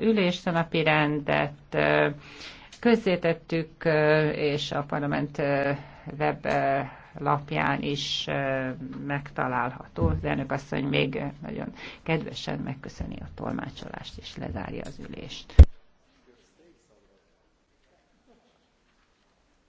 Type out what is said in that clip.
ülést, a napi rendet közzétettük, és a parlament web lapján is megtalálható. Az elnök asszony még nagyon kedvesen megköszöni a tolmácsolást, és lezárja az ülést.